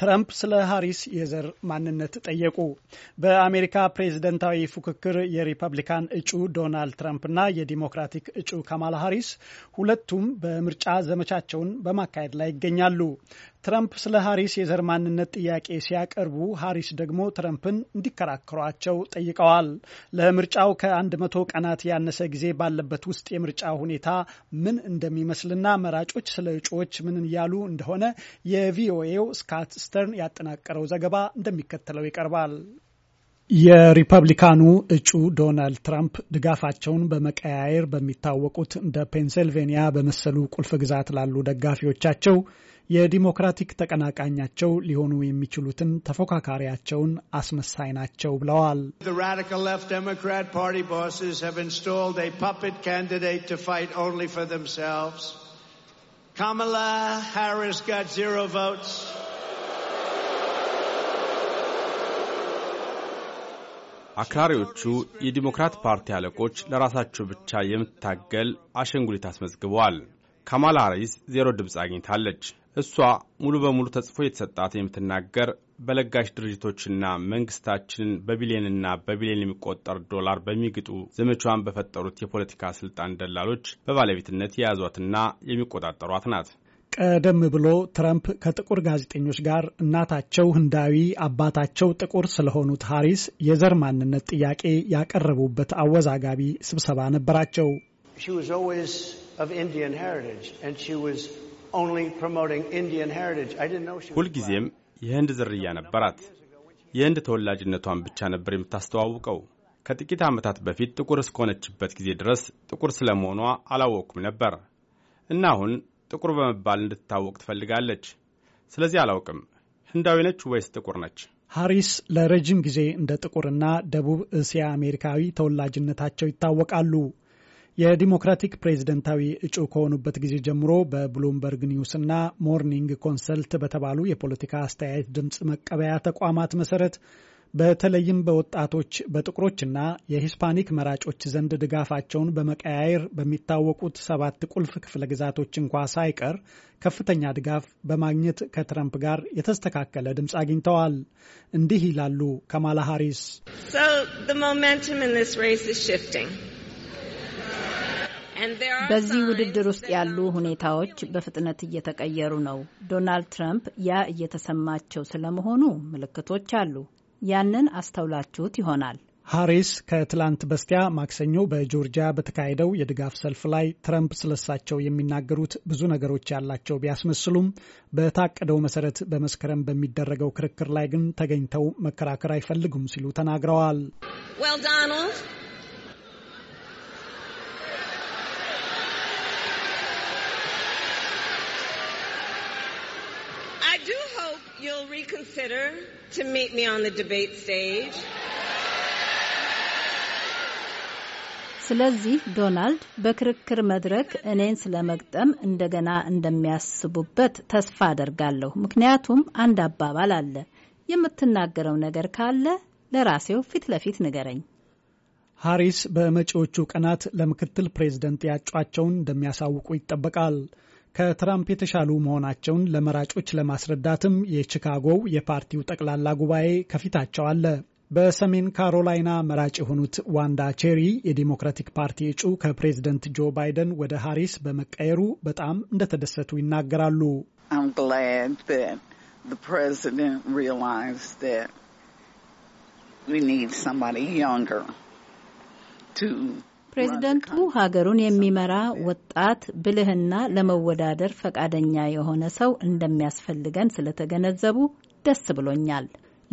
ትረምፕ ስለ ሃሪስ የዘር ማንነት ጠየቁ። በአሜሪካ ፕሬዝደንታዊ ፉክክር የሪፐብሊካን እጩ ዶናልድ ትረምፕና የዲሞክራቲክ እጩ ካማላ ሃሪስ ሁለቱም በምርጫ ዘመቻቸውን በማካሄድ ላይ ይገኛሉ። ትረምፕ ስለ ሀሪስ የዘር ማንነት ጥያቄ ሲያቀርቡ ሀሪስ ደግሞ ትረምፕን እንዲከራከሯቸው ጠይቀዋል። ለምርጫው ከ100 ቀናት ያነሰ ጊዜ ባለበት ውስጥ የምርጫ ሁኔታ ምን እንደሚመስልና መራጮች ስለ እጩዎች ምን እያሉ እንደሆነ የቪኦኤው ስካት ስተርን ያጠናቀረው ዘገባ እንደሚከተለው ይቀርባል። የሪፐብሊካኑ እጩ ዶናልድ ትራምፕ ድጋፋቸውን በመቀያየር በሚታወቁት እንደ ፔንሲልቬኒያ በመሰሉ ቁልፍ ግዛት ላሉ ደጋፊዎቻቸው የዲሞክራቲክ ተቀናቃኛቸው ሊሆኑ የሚችሉትን ተፎካካሪያቸውን አስመሳይ ናቸው ብለዋል። አክራሪዎቹ የዲሞክራት ፓርቲ አለቆች ለራሳቸው ብቻ የምታገል አሸንጉሊት አስመዝግበዋል። ካማላ ሃሪስ ዜሮ ድምፅ አግኝታለች። እሷ ሙሉ በሙሉ ተጽፎ የተሰጣት የምትናገር በለጋሽ ድርጅቶችና መንግስታችንን በቢሊዮንና በቢሊየን የሚቆጠር ዶላር በሚግጡ ዘመቻዋን በፈጠሩት የፖለቲካ ስልጣን ደላሎች በባለቤትነት የያዟትና የሚቆጣጠሯት ናት። ቀደም ብሎ ትረምፕ ከጥቁር ጋዜጠኞች ጋር እናታቸው ህንዳዊ አባታቸው ጥቁር ስለሆኑት ሃሪስ የዘር ማንነት ጥያቄ ያቀረቡበት አወዛጋቢ ስብሰባ ነበራቸው። ሁልጊዜም የህንድ ዝርያ ነበራት። የህንድ ተወላጅነቷን ብቻ ነበር የምታስተዋውቀው። ከጥቂት ዓመታት በፊት ጥቁር እስከሆነችበት ጊዜ ድረስ ጥቁር ስለመሆኗ አላወቅኩም ነበር እና አሁን ጥቁር በመባል እንድትታወቅ ትፈልጋለች። ስለዚህ አላውቅም፣ ህንዳዊ ነች ወይስ ጥቁር ነች? ሃሪስ ለረጅም ጊዜ እንደ ጥቁርና ደቡብ እስያ አሜሪካዊ ተወላጅነታቸው ይታወቃሉ። የዲሞክራቲክ ፕሬዝደንታዊ እጩ ከሆኑበት ጊዜ ጀምሮ በብሉምበርግ ኒውስ እና ሞርኒንግ ኮንሰልት በተባሉ የፖለቲካ አስተያየት ድምፅ መቀበያ ተቋማት መሰረት በተለይም በወጣቶች በጥቁሮችና የሂስፓኒክ መራጮች ዘንድ ድጋፋቸውን በመቀያየር በሚታወቁት ሰባት ቁልፍ ክፍለ ግዛቶች እንኳ ሳይቀር ከፍተኛ ድጋፍ በማግኘት ከትረምፕ ጋር የተስተካከለ ድምፅ አግኝተዋል። እንዲህ ይላሉ ከማላ ሃሪስ። በዚህ ውድድር ውስጥ ያሉ ሁኔታዎች በፍጥነት እየተቀየሩ ነው። ዶናልድ ትራምፕ ያ እየተሰማቸው ስለመሆኑ ምልክቶች አሉ። ያንን አስተውላችሁት ይሆናል። ሃሪስ ከትላንት በስቲያ ማክሰኞ በጆርጂያ በተካሄደው የድጋፍ ሰልፍ ላይ ትረምፕ ስለሳቸው የሚናገሩት ብዙ ነገሮች ያላቸው ቢያስመስሉም በታቀደው መሰረት በመስከረም በሚደረገው ክርክር ላይ ግን ተገኝተው መከራከር አይፈልጉም ሲሉ ተናግረዋል። do hope you'll reconsider to meet me on the debate stage. ስለዚህ ዶናልድ በክርክር መድረክ እኔን ስለመግጠም እንደገና እንደሚያስቡበት ተስፋ አደርጋለሁ። ምክንያቱም አንድ አባባል አለ፣ የምትናገረው ነገር ካለ ለራሴው ፊት ለፊት ንገረኝ። ሃሪስ በመጪዎቹ ቀናት ለምክትል ፕሬዝደንት ያጯቸውን እንደሚያሳውቁ ይጠበቃል። ከትራምፕ የተሻሉ መሆናቸውን ለመራጮች ለማስረዳትም የቺካጎው የፓርቲው ጠቅላላ ጉባኤ ከፊታቸው አለ። በሰሜን ካሮላይና መራጭ የሆኑት ዋንዳ ቼሪ የዲሞክራቲክ ፓርቲ እጩ ከፕሬዝደንት ጆ ባይደን ወደ ሃሪስ በመቀየሩ በጣም እንደተደሰቱ ይናገራሉ። ፕሬዚደንቱ ሀገሩን የሚመራ ወጣት ብልህና ለመወዳደር ፈቃደኛ የሆነ ሰው እንደሚያስፈልገን ስለተገነዘቡ ደስ ብሎኛል።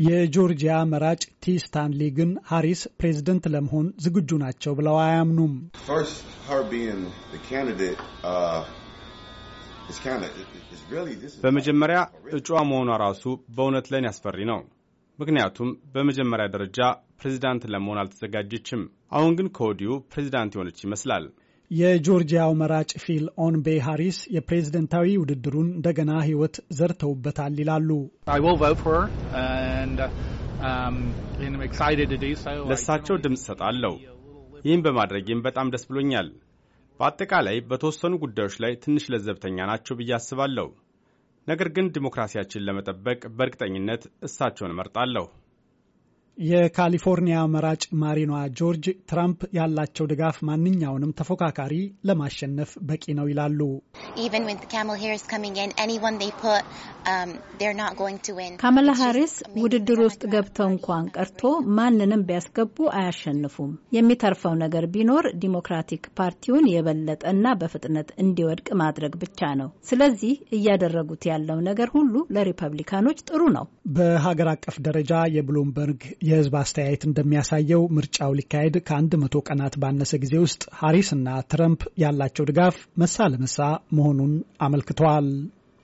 የጆርጂያ መራጭ ቲ ስታንሊ ግን ሀሪስ ፕሬዝደንት ለመሆን ዝግጁ ናቸው ብለው አያምኑም። uh, በመጀመሪያ እጩዋ መሆኗ ራሱ በእውነት ለን ያስፈሪ ነው። ምክንያቱም በመጀመሪያ ደረጃ ፕሬዚዳንት ለመሆን አልተዘጋጀችም። አሁን ግን ከወዲሁ ፕሬዚዳንት የሆነች ይመስላል። የጆርጂያው መራጭ ፊል ኦን ቤ ሃሪስ የፕሬዝደንታዊ ውድድሩን እንደገና ህይወት ዘርተውበታል ይላሉ። um, ለእሳቸው ድምፅ ሰጣለሁ። ይህም በማድረጌም በጣም ደስ ብሎኛል። በአጠቃላይ በተወሰኑ ጉዳዮች ላይ ትንሽ ለዘብተኛ ናቸው ብዬ አስባለሁ። ነገር ግን ዲሞክራሲያችን ለመጠበቅ በእርግጠኝነት እሳቸውን እመርጣለሁ። የካሊፎርኒያ መራጭ ማሪኗ ጆርጅ ትራምፕ ያላቸው ድጋፍ ማንኛውንም ተፎካካሪ ለማሸነፍ በቂ ነው ይላሉ። um, ካመላ ሃሪስ ውድድር ውስጥ ገብተው እንኳን ቀርቶ ማንንም ቢያስገቡ አያሸንፉም። የሚተርፈው ነገር ቢኖር ዲሞክራቲክ ፓርቲውን የበለጠ እና በፍጥነት እንዲወድቅ ማድረግ ብቻ ነው። ስለዚህ እያደረጉት ያለው ነገር ሁሉ ለሪፐብሊካኖች ጥሩ ነው። በሀገር አቀፍ ደረጃ የብሉምበርግ የህዝብ አስተያየት እንደሚያሳየው ምርጫው ሊካሄድ ከአንድ መቶ ቀናት ባነሰ ጊዜ ውስጥ ሀሪስ እና ትረምፕ ያላቸው ድጋፍ መሳ ለመሳ መሆኑን አመልክተዋል።